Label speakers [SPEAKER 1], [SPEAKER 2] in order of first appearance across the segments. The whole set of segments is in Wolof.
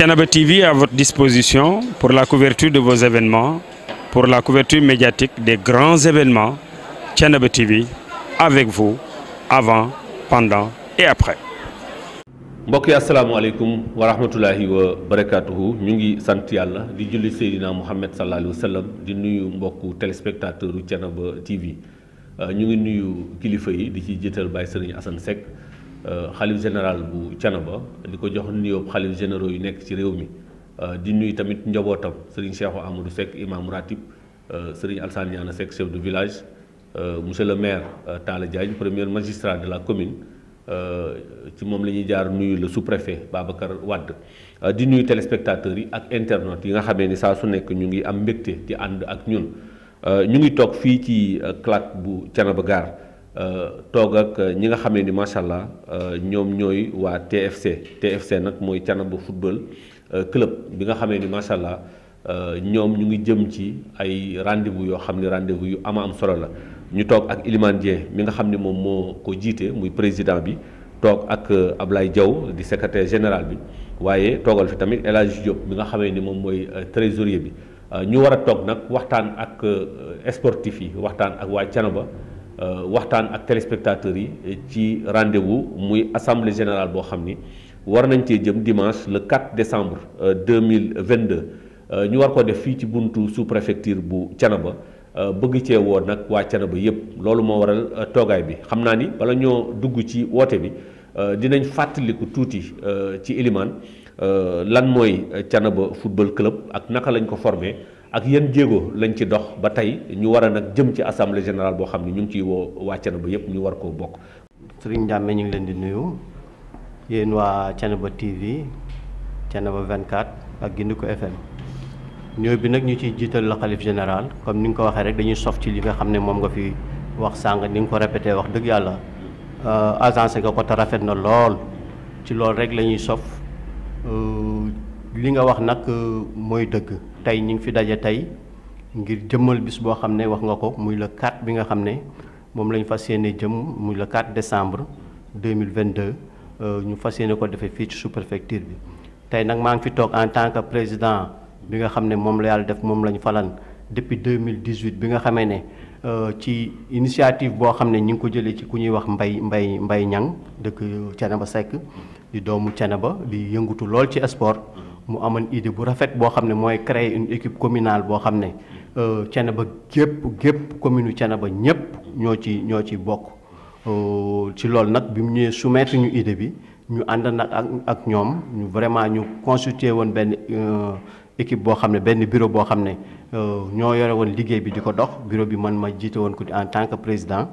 [SPEAKER 1] Thiénaba TV à votre disposition pour la couverture de vos événements, pour la couverture médiatique des grands événements. Thiénaba TV avec vous avant, pendant
[SPEAKER 2] et après. mbokk yi asalaamaaleykum wa rahmatulahi wa barakaatuhu ñu ngi sant yàlla di julli Seydina Muhammad sallallahu alayhi wa di nuyu mbokku téléspectateur u Thiénaba TV ñu ngi nuyu kilifa yi di ci jiital Baye Serigne Assane Seck. xalif euh, général bu Thiénaba di ko jox nuyoo xalif généraux yu nekk ci réew mi euh, di nuyu tamit njabootam sëriñ Cheikh Amadou Seck imam ratib euh, sëriñ Alsane Niane Seck chef de village monsieur le maire Talla Diagne premier magistrat de la commune ci moom la ñuy jaar nuyu le sous-préfet Babacar Wade di nuyu téléspectateurs yi ak internautes yi nga xamee ni saa su nekk ñu ngi am mbégte di ànd ak ñun ñu ngi toog fii ci CLAC bu Thiénaba Gare Euh, toog ak euh, ñi nga xame ni macha allah euh, ñoom ñooy waa TFC TFC nag mooy cana Thiénaba football club bi nga xamee ni macha allah ñoom ñu ngi jëm ci ay rendez-vous yoo xam ne rendez-vous yu ama am solo la ñu toog ak Ilimane Dieng mi nga xam ne moom moo ko jiite muy président bi toog ak Ablaye Diaw di secretaire général bi waaye toogal fi tamit El Hadj mi nga xamee ni moom mooy trésorier bi ñu war a toog nag waxtaan ak sportif yi waxtaan ak waa cana ba Euh, waxtaan ak téléspectateurs yi euh, ci rendez-vous muy assemblée générale boo xam ni war nañ cee jëm dimanche le 4 décembre 2022 euh, ñu war ko def fii ci buntu sous-préfecture bu Thiénaba bëgg cee woo nag waa Thiénaba yépp loolu moo waral toogaay bi xam naa ni bala ñoo dugg ci woote bi dinañ fàttaliku tuuti ci Elimane lan mooy Thiénaba football club ak naka lañ ko formé ak yan jéego lañ ci dox ba tey ñu war a nag jëm ci assemblée général boo xam ne ñu ngi ciy woo wàccana ba yépp ñu war koo bokk.
[SPEAKER 3] Serigne Ndiame ñu ngi leen di nuyu yéen waa Thiénaba TV Thiénaba 24 ak ko FM ñëw bi nag ñu ciy jiital la xalif général comme ni nga ko waxee rek dañuy sof ci li nga xam ne moom nga fi wax sàng ni nga ko répété wax dëgg yàlla euh, agence nga ko te rafet na lool ci loolu rek lañuy sof euh, li nga wax nag euh, mooy dëgg. tey ñu ngi fi daje tey ngir jëmmal bis boo xam ne wax nga ko muy le 4 bi nga xam ne moom la ñu fas yéene jëm muy le 4 décembre 2022 euh, ñu fas yéene ko defee fii ci sous-préfecture bi tey nag maa ngi fi toog en tant que président bi nga xam ne moom la yàlla def moom la ñu falan depuis 2018 bi nga xamee ne euh, ci initiative boo xam ne ñi ngi ko jëlee ci ku ñuy wax mbay mbay mbay ñang dëkk ba Seck di doomu ba di yëngutu lool ci sport mu amoon idée bu rafet boo xam ne mooy créer une équipe communale boo xam ne cena euh, ba gépp gépp commune ba ñëpp ñoo ci ñoo ci bokk euh, ci loolu nag bi mu ñëwee soumettre ñu idée bi ñu ànd nag ak ak ñoom ñu vraiment ñu constitué woon benn euh, équipe boo xam ne benn bureau boo xam ne ñoo yore woon liggéey bi di ko dox bureau bi mën ma jiite woon ko en tant que président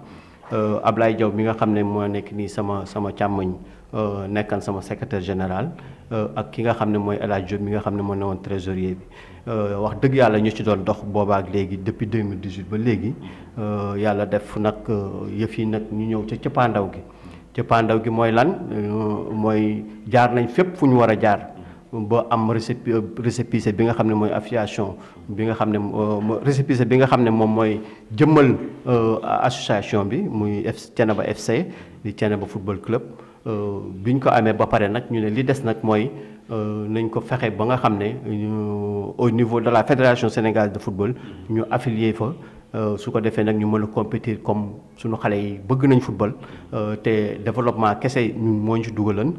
[SPEAKER 3] Euh, Ablaye Diaw mi nga xam ne moo nekk nii sama sama càmmoñ euh, nekkan sama secretaire général euh, ak ki nga xam ne mooy El Hadj mi nga xam ne moo ne woon trésorier bi wax dëgg yàlla ñu ci doon dox boobaak léegi depuis 2018 ba léegi yàlla def nag yëf yi nag ñu ñëw ca cëppaandaw gi cëppaandaw gi mooy lan mooy jaar nañ fépp fu ñu war a jaar ba am récipi récépissé bi nga xam ne mooy affiliation bi nga xam ne euh, récépissé bi nga xam ne moom mooy jëmmal euh, association bi muy F Thiénaba FC di Thiénaba football club euh, bi ñu ko amee ba pare nag ñu ne li des nag mooy nañ ko fexe ba nga xam ne au niveau de la fédération sénégal de football ñu affilier fa Euh, su ko defee nag ñu mën a compétir comme suñu xale yi bëgg nañ football euh, te développement kese ñun moo ñu si dugalan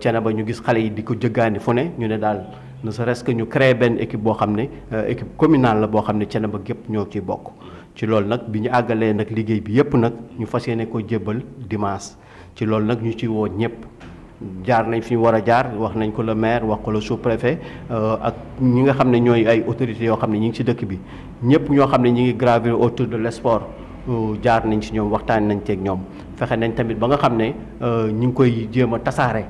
[SPEAKER 3] Thiénaba euh, ñu gis xale yi di ko jëggaani fu ne ñu ne daal ne serait-ce ñu créer benn équipe boo xam ne équipe communale la boo xam ne Thiénaba gépp ñoo ciy bokk ci lool nag bi ñu àggalee nag liggéey bi yëpp nag ñu fas ne ko jébbal dimanche ci loolu nag ñu ci woo ñëpp jaar nañ fi ñu war a jaar wax nañ ko le maire wax ko la sous-préfet euh, ak ñi nga xam ne ñooy ay autorités yoo xam ne ñi ngi ci dëkk bi ñëpp ñoo xam ne ñi ngi gravir autour de l'esport euh, jaar nañ ci ñoom waxtaan nañ ceeg ñoom fexe nañ tamit ba nga xam ne euh, ñi ngi koy jéem a tasaare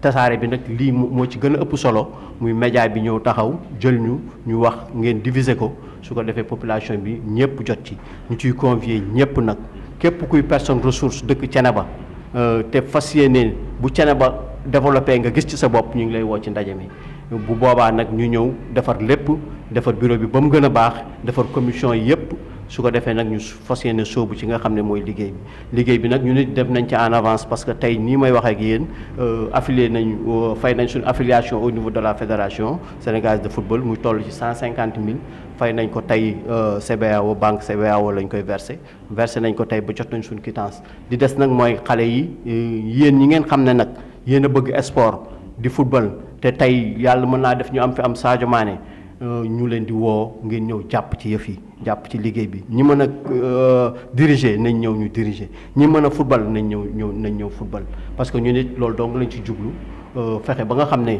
[SPEAKER 3] tasaare bi nag lii moo ci gën a ëpp solo muy média bi ñëw taxaw jël ñu ñu wax ngeen diviser ko su ko defee population bi ñëpp jot ci ñu ciy convier ñëpp nag képp kuy personne ressource dëkk ba Euh, te fas yéene bu cene ba développé nga gis ci sa bopp ñu ngi lay woo ci ndaje mi bu boobaa nag ñu ñëw defar lépp defar bureau bi ba mu gën a baax defar commission yépp su ko defee nag ñu fas yéene sóobu ci nga xam ne mooy liggéey bi liggéey bi nag ñu nit def nañ ci en avance parce que tey nii may wax ak yéen euh, affilié nañ euh, fay nañ suñu affiliation au niveau de la fédération sénégalaise de football muy toll ci cent cinquante mille fay nañ ko tey euh, CBAO banque CBAO lañ koy versé versé nañ ko tey ba jot nañ suñu quittance di des nag mooy xale yi yéen ñi ngeen xam ne nag yéen a bëgg sport di football te tey yàlla mën naa def ñu am am Sadio Mané Euh, ñu leen di woo ngeen ñëw jàpp ci yëf yi jàpp ci liggéey bi ñi mën a euh, diriger nañ ñëw ñu diriger ñi mën a football nañ ñëw ñëw nañ ñëw football parce que ñu nit loolu donc lañ ci jublu euh, fexe ba nga xam ne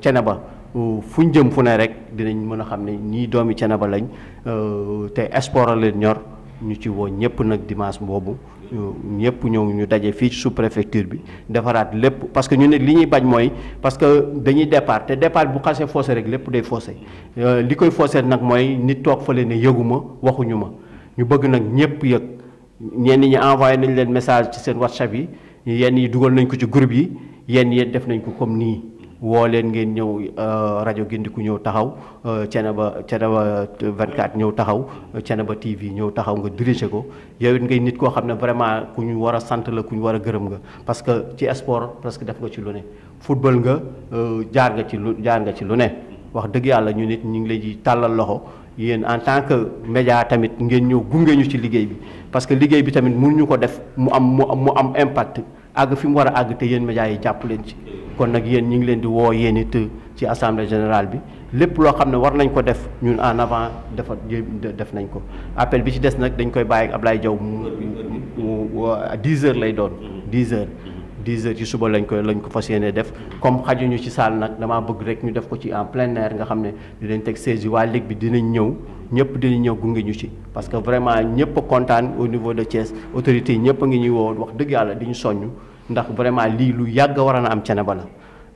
[SPEAKER 3] Thiénaba fu ñu jëm fu ne rek dinañ mën a xam ne ñii doomi ba lañ te sport a leen ñor ñu ci woo ñëpp nag dimanche boobu ñëpp ñëw ñu daje fii ci sous préfecture bi defaraat lépp parce que ñu ne li ñuy bañ mooy parce que dañuy départ te départ bu xasee faussé rek lépp day faussé euh, li koy faussé nag mooy nit toog fële ne yëguma waxuñu ma ñu bëgg nag ñëpp yëg ñenn ñi envoyé nañ leen message ci seen whatsapp yi yenn yi dugal nañ ko ci groupe yi yenn yi def nañ ko comme nii woo leen ngeen ñëw euh, rajo ku ñëw taxaw cene euh, ba Thiénaba Thiénaba 24 ñëw taxaw cene Thiénaba TV ñëw taxaw nga dirigé ko yow it ngay nit koo xam ne vraiment ku ñu war a sant la ku ñu war a gërëm nga parce que ci sport presque def nga ci lu ne football nga euh, jaar nga ci lu jaar ci lu ne wax dëgg yàlla ñu nit ñu ngi lay ji tàllal loxo yéen en tant que média tamit ngeen ñëw gunge ñu ci liggéey bi parce que liggéey bi tamit ñu ko def mu am mu am impact àgg fi mu war a àgg te yéen médias yi jàpp leen ci kon nag yéen ñu ngi leen di woo yéen it ci assemblée général bi lépp loo xam ne war nañ ko def ñun en avant dafa def nañ ko appel bi ci des nag dañ koy bàyyi ak Ablaye Diaw mu mu 10 lay doon 10 mm-hmm. heures dix heures ci suba lañ koy lañ ko fas yéene def comme xajuñu ci salle nag damaa bëgg rek ñu def ko ci en plein air nga xam ne dinañ teg saisi waa ligue bi dinañ ñëw ñëpp dinañ ñëw gunge ñu ci parce que vraiment ñëpp kontaan au niveau de Thiès autorités yi ñëpp a ngi ñuy woo wax dëgg yàlla di soññ ndax vraiment lii lu yàgg war a am Thiénaba la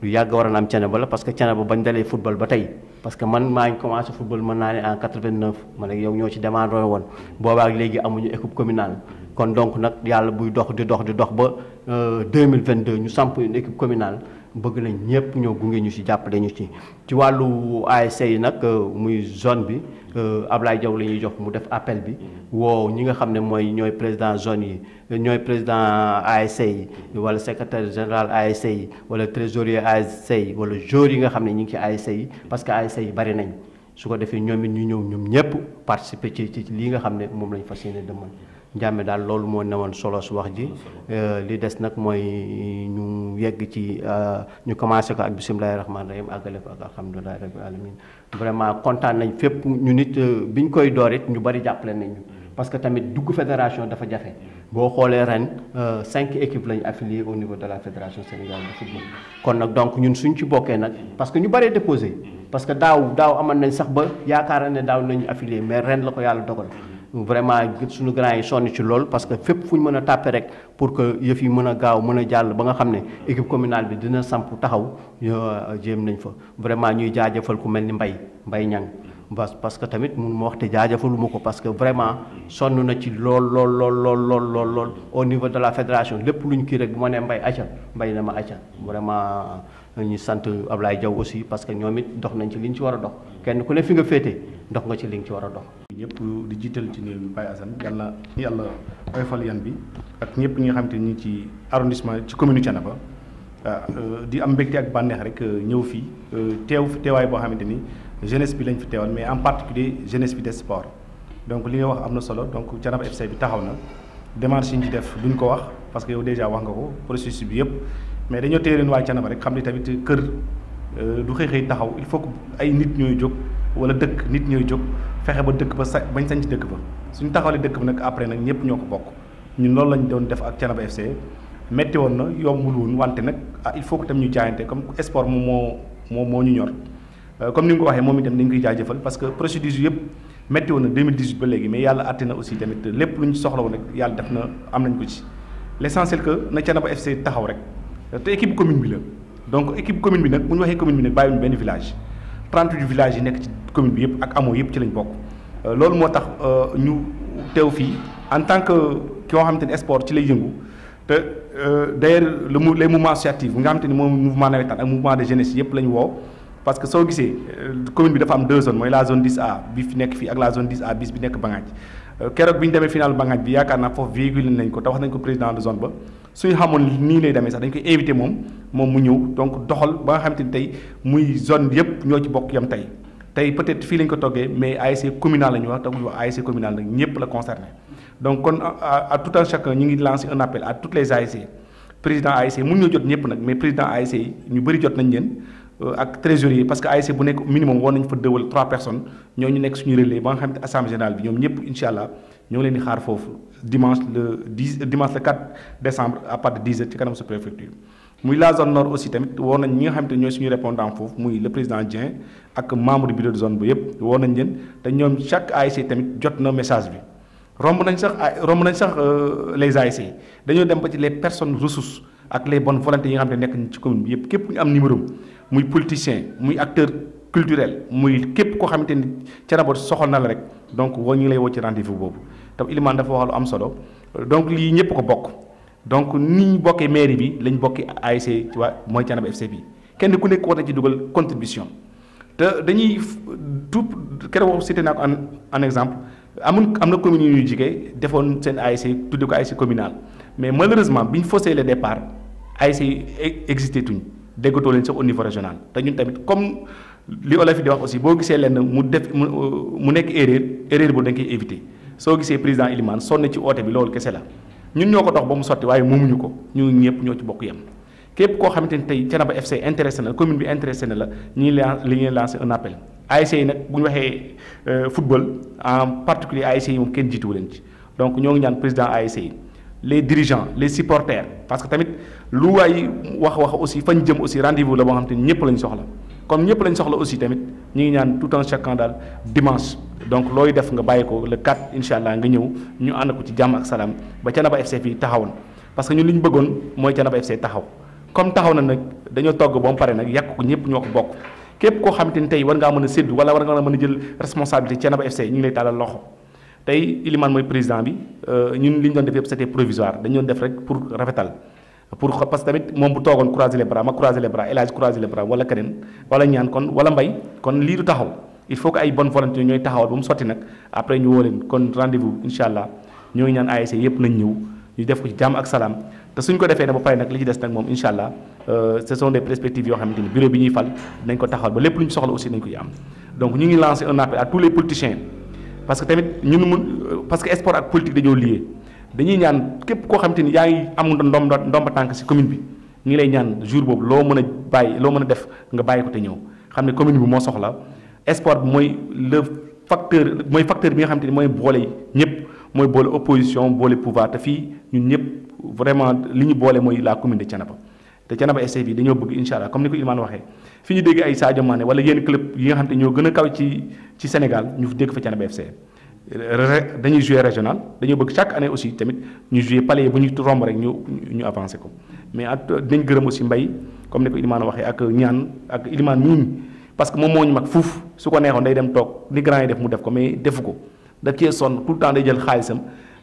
[SPEAKER 3] lu yàgg war a am Thiénaba la parce que Thiénaba bañ dalee football ba tey parce que man maa ngi commencé football mën naa ne en 89 man ak yow ñoo ci demandé woon boobaak léegi amuñu équipe communale kon donc nag yàlla buy dox di dox di dox ba euh, deux mille vingt 2022 ñu samp une équipe communale bëgg nañ ñëpp ñoo gunge ñu ci jàppale ñu ci ci wàllu ASC yi nag euh, muy zone bi euh, Ablaye Diaw la ñuy jox mu def appel bi woo ñi nga xam ne mooy ñooy président zone yi ñooy président ASC yi wala secrétaire général ASC yi wala trésorier ASC yi wala joueurs yi nga xam ne ñu ngi ci ASC yi parce que ASC yi bari nañ su ko defee ñoom it ñu ñëw ñoom ñëpp participer ci ci lii nga xam ne moom lañ fas yéene demal njàmme daal loolu moo newoon solo su wax ji euh, li des nag mooy ñu yegg ci euh, ñu commencé ko ak bisimilahi rahmaani rahim àggale ko ak alhamdulilahi rabbil alamin vraiment kontaan nañ fépp ñu nit euh, biñ koy door ñu bari jàppale nañu mm-hmm. parce que tamit dugg fédération dafa jafe boo xoolee ren cinq équipes lañu affiliées au niveau de la fédération sénégalaise de football kon nag donc ñun suñ ci bokkee nag parce que ñu bëree déposé mm-hmm. parce que daaw daaw amoon nañ sax ba yaakaar ne daaw nañu affilié mais ren la ko yàlla dogal vraiment suñu grand yi sonn ci lool parce que fépp fu ñu mën a tàppe rek pour que yëf yi mën a gaaw mën a jàll ba nga xam ne équipe communale bi dina samp taxaw jéem nañ fa vraiment ñuy jaajëfal ku mel ni mbay mbay ñang bas parce que tamit mun ma wax te jaajëfaluma ko parce que vraiment sonn na ci lool lool lool lool lool lool lool au niveau de la fédération lépp lu ñu kii rek bu ma nee mbay acca mbay na ma acca vraiment ñu sant Ablaye Diaw aussi parce que ñoom it dox nañ ci li ñu ci war a dox kenn ku ne fi nga féete ndox nga ci li nga ci war a dox. ñëpp di jiital ci néew bi Baye Assane yàlla yàlla oyofal yan bi ak ñëpp ñi nga xam te ni ci
[SPEAKER 1] arrondissement ci commune Thiénaba ah, di am mbégte ak bànneex rek euh, ñëw fii euh, teew fi teewaay boo xamante ni jeunesse bi lañ fi teewal mais en particulier jeunesse bi des sports donc li nga wax am na solo donc Thiénaba FC bi taxaw na démarche yi ñu ci def duñ ko wax parce que yow déjà wax nga ko processus bi yëpp. mais dañoo téye leen waa Canaba rek xam ne tamit kër euh, du xëy xëy taxaw il faut que ay nit ñooy jóg wala dëkk nit ñooy jóg fexe ba dëkk ba sa bañ sañ ci dëkk ba suñu taxawlee dëkk bi nag après nag ñëpp ñoo ko bokk ñun loolu lañ doon def ak Canaba FC metti woon na yombul woon wante nag ah il faut que tam ñu jaayante comme sport moom moo moo moo ñu ñor euh, comme ni nga ko waxee moom itam dañ koy jaajëfal parce que procédures yu yëpp metti woon na léegi mais yàlla àtte na aussi lépp lu ñu soxla woon yàlla def na am nañ ko ci l' essentiel que na Canaba taxaw rek te équipe commune bi la donc équipe commune bi nag bu ñu waxee commune bi nag bàyyiwuñu benn village 38 villages yi nekk ci commune bi yëpp ak amoo yëpp ci lañ bokk euh, loolu moo tax euh, ñu teew fii en tant que koo xamante ni sport ci lay yëngu te euh, d'ailleurs le les mouvements associatifs nga xamante ni moom mouvement nawetaan ak mouvement de jeunesse yëpp la ñu parce que soo gisee commune bi dafa am deux zones a bi fi nekk fii ak la zone 10A bis bi nekk Bangaaj keroog bi ñu demee final Bangaaj bi yaakaar naa foofu véhicule nañ ko te wax nañ ko président de zone ba suñu xamoon nii lay demee sax dañ koy invité moom moom mu ñëw donc doxal ba nga xamante ne tey muy zone yëpp ñoo ci bokk yam tey tey peut-être fii lañ ko toggee mais ASC communal la ñu wax te bu ñu wax ASC communal nag ñëpp la concerné donc kon à tout un chacun ñu ngi lancé un appel à toutes les ASC président ASC mun ñoo jot ñëpp nag mais président ASC yi bëri jot nañ leen Euh, ak trésorier parce que ASC bu nekk minimum woon nañ fa deux wala trois personnes ñooñu nekk suñu relais ba nga xam ne assemblée générale bi ñoom ñëpp incha allah ñoo ngi leen di xaar foofu dimanche le dimanche le 4 décembre à de 10 ci kanam sous-préfecture muy la zone nord aussi tamit woo nañ ñi nga xam te ñooy suñu répondant foofu muy le président Dieng ak membre bureau de zone ba yëpp woo nañ leen te ñoom chaque ASC tamit jot na message bi romb nañ sax romb nañ sax euh, les ASC dañoo dem ba ci les personnes ressources ak les bonnes volontés yi nga xam ne nekk ci commune bi yëpp képp ñu am numéro muy politicien muy acteur culturel muy képp koo xamante ni Thiénaba soxal na la rek donc woo ñu ngi lay woo ci rendez-vous boobu te Iliman dafa wax lu am solo donc lii ñëpp ko bokk donc ni ñu bokkee mairie bi lañ bokki ASC ci waa mooy Thiénaba FC bi kenn ku nekk war na ci dugal contribution te dañuy tout keroog cité naa ko en exemple amul am na commune yu ñuy jigee defoon seen ASC tudde ko ASC communal mais malheureusement bi ñu faussé le départ ASC yi existé tuñ déggatoo leen sax au niveau régional te ñun tamit comme li olof di wax aussi boo gisee lenn mu def mu nekk erreur erreur bu da nga éviter soo gisee président Ilimane sonn ci oote bi loolu kese la ñun ñoo ko dox ba mu sotti waaye moomuñu ko ñu ñëpp ñoo ci bokk yem. képp koo xamante ni tey Thiénaba FC intéressé na commune bi intéressé na la ñi li ñuy lancé un appel ASC yi nag bu ñu waxee euh, football en particulier ASC yi moom kenn jiituwu ci donc ñoo ngi ñaan président ASC les dirigeants les supporters parce que tamit lu waay wax wax aussi fañ jëm aussi rendez-vous la boo xam te ni ñëpp lañ soxla comme ñëpp lañ soxla aussi tamit ñu ngi ñaan tout un chacun daal dimanche donc looy def nga bàyyi ko le 4 incha allah nga ñëw ñu ànd ko ci jàmm ak salaam ba Thiénaba FC fii na parce que ñu li ñu bëggoon mooy Thiénaba FC taxaw comme taxaw na nag dañoo togg ba mu pare nag yàq ko ñëpp ñoo ko bokk képp koo xamante ni tey war ngaa mën a séddu wala war ngaa mën jël responsabilité Thiénaba FC ñu ngi lay tàllal loxo. tey Ilimane mooy président bi euh, ñun li ñu doon def yëpp c'était provisoire dañu doon def rek pour rafetal pour parce que tamit moom bu toogoon croiser les bras ma croiser les bras El Hadj croiser ñaan kon wala mbay kon lii du taxaw il faut que ay bon volonté ñooy taxawal ba mu sotti nag après ñu woo leen kon rendez-vous incha allah ñoo ngi ñaan ASC yëpp nañ ñëw ñu def ko ci jàmm ak salaam te suñ ko defee nag ba pare nag li ci des nag moom incha euh, yoo xamante ni bureau bi ñuy fal dinañ parce que tamit ñun mun parce que sport ak politique dañoo lié dañuy ñaan képp koo xam ni yaa ngi am ndomba ndomba tànk si commune bi ñu ngi lay ñaan jour boobu loo mën a bàyyi loo mën a def nga bàyyi ko te ñëw xam ne commune bi moo soxla sport bi mooy le facteur mooy facteur bi nga xam te ni mooy boole ñëpp mooy boole opposition boole pouvoir te fii ñun ñëpp vraiment li ñu boole mooy la commune de Thiénaba te Thiénaba SC bi dañoo bëgg incha allah waxee. fi ñu dégg ay Sadio Mané wala yenn club yi nga xam ñoo gën a kaw ci ci Sénégal ñu dégg fa Thiénaba FC dañuy jouer régional dañoo bëgg chaque année aussi tamit ñu jouer palier bu ñu romb rek ñu ñu avancé ko mais ak dañ gërëm aussi mbay comme ni ko Ilimane waxee ak ñaan ak Ilimane ñii parce que moom moo ñu mag fuuf su ko neexoon day dem toog ni grand yi def mu def ko mais defu ko da cee sonn tout le temps day jël xaalisam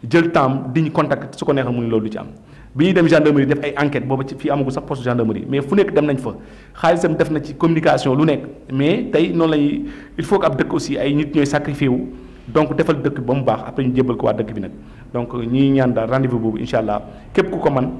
[SPEAKER 1] jël temps di ñu contact su ko neex mu ne loolu ci am bi ñuy dem gendarmerie def ay enquête boobu ci fii amagu sax poste gendarmerie mais fu nekk dem nañ fa xaalisam def na ci communication lu nekk mais tey noonu la ab dëkk aussi ay nit ñooy sacrifié wu donc defal dëkk ba mu baax après ñu jébbal ko waa bi nag donc ñiy ñaan daal rendez-vous boobu allah képp ku ko man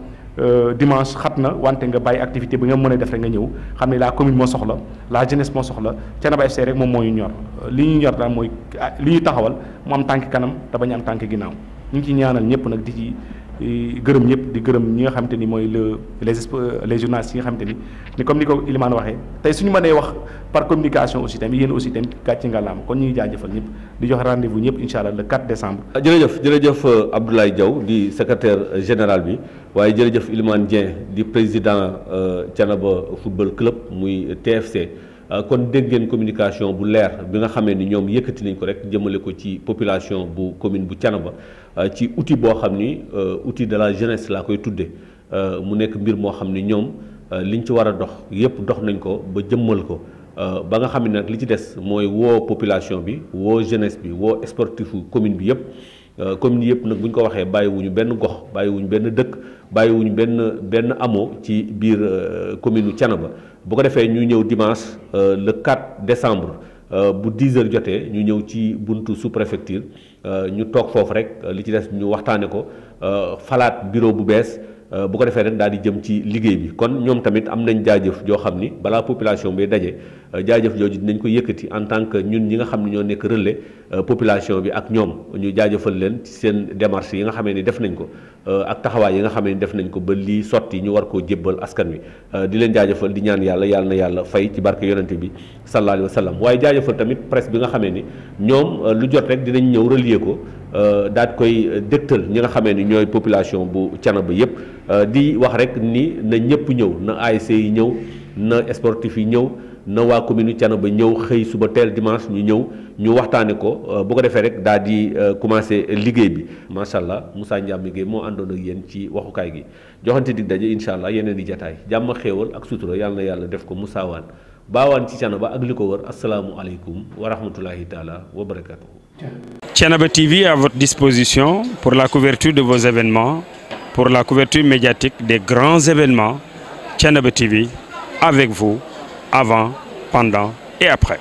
[SPEAKER 1] euh, dimanche xat na wante nga bàyyi activité bi nga mën a def nga ñëw xam ne la commune moo soxla la jeunesse moo soxla Thiénaba FC rek moom moo ñu ñor li ñu ñor daal mooy ah, li ñu taxawal mu am tànk kanam te bañ am tànk ginnaaw ñu ngi ci ñaanal ñëpp nag di ci gërëm ñëpp di gërëm ñi nga xamante ni mooy le les les journalistes yi nga xamante ni ni comme ni ko Ilimane waxee tey suñu mënee wax par communication aussi tamit yéen aussi tamit gàcce ngalaam kon ñu ngi jaajëfal ñëpp di jox rendez-vous ñëpp incha allah le 4 décembre.
[SPEAKER 2] Ah, jërëjëf jërëjëf euh, Abdoulaye jaw di secretaire euh, général bi waaye jërëjëf Ilimane Dieng di président euh, Thiénaba football club muy TFC. Euh, kon dégg ngeen communication bu leer bi nga xamee ni ñoom yëkkati nañ ko rek jëmmale ko ci population bu commune bu Thiénaba euh, ci outil boo xam ni euh, outil de la jeunesse laa koy tuddee mu nekk mbir moo xam ni ñoom liñ ci war a dox yépp dox nañ ko ba jëmmal ko ba nga xam ne nag li ci des mooy woo population bi woo jeunesse bi woo sportifu commune bi yépp commune yépp nag bu ñu ko waxee bàyyiwuñu benn gox bàyyiwuñu benn dëkk bàyyiwuñ benn benn amoo ci biir euh, commune u ba bu ko defee ñu ñëw dimanche euh, le 4 décembre euh, bu 10 heures jotee ñu ñëw ci buntu sous préfecture ñu toog foofu rek li ci des ñu waxtaane ko falaat bureau bu bees bu ko defee rek daal di jëm ci liggéey bi kon ñoom tamit am nañ jaajëf joo xam ni balaa population bi daje jaajëf jooju dinañ ko yëkkati en tant que ñun ñi nga xam ne ñoo nekk relais euh, population bi ak ñoom ñu jaajëfal leen ci seen démarche yi nga xamee ni def nañ ko euh, ak taxawaay yi nga xamee ni def nañ ko ba lii sotti ñu war koo jébbal askan wi euh, di leen jaajëfal di ñaan yàlla yàlla na yàlla fay ci barke yonente bi sallallahu alayhi wa waaye jaajëfal tamit presse bi nga xamee ni ñoom lu jot rek dinañ ñëw relier ko daat koy dégtal ñi nga xamee ni ñooy population bu Thiénaba yépp di wax rek ni na ñëpp ñëw na ASC e yi ñëw na sportif yi ñëw na waa commune Thiénaba ñëw xëy suba teel dimanche ñu ñëw ñu waxtaane ko euh, bu ko defee rek daal di euh, commencé liggéey bi macha allah Moussa Ndiamé Guèye moo àndoon ak yéen ci waxukaay gi joxante di daje incha allah yeneen di jataay jàmm xéewal ak sutura yàlla na yàlla def ko musaawaan baawaan ci Thiénaba ak li ko wër asalaamualeykum wa rahmatulahi taala wa barakatuhu.
[SPEAKER 1] Thiénaba TV à votre disposition pour la couverture de vos événements pour la couverture médiatique des grands événements Thiénaba TV avec vous. avant, pendant
[SPEAKER 2] et après.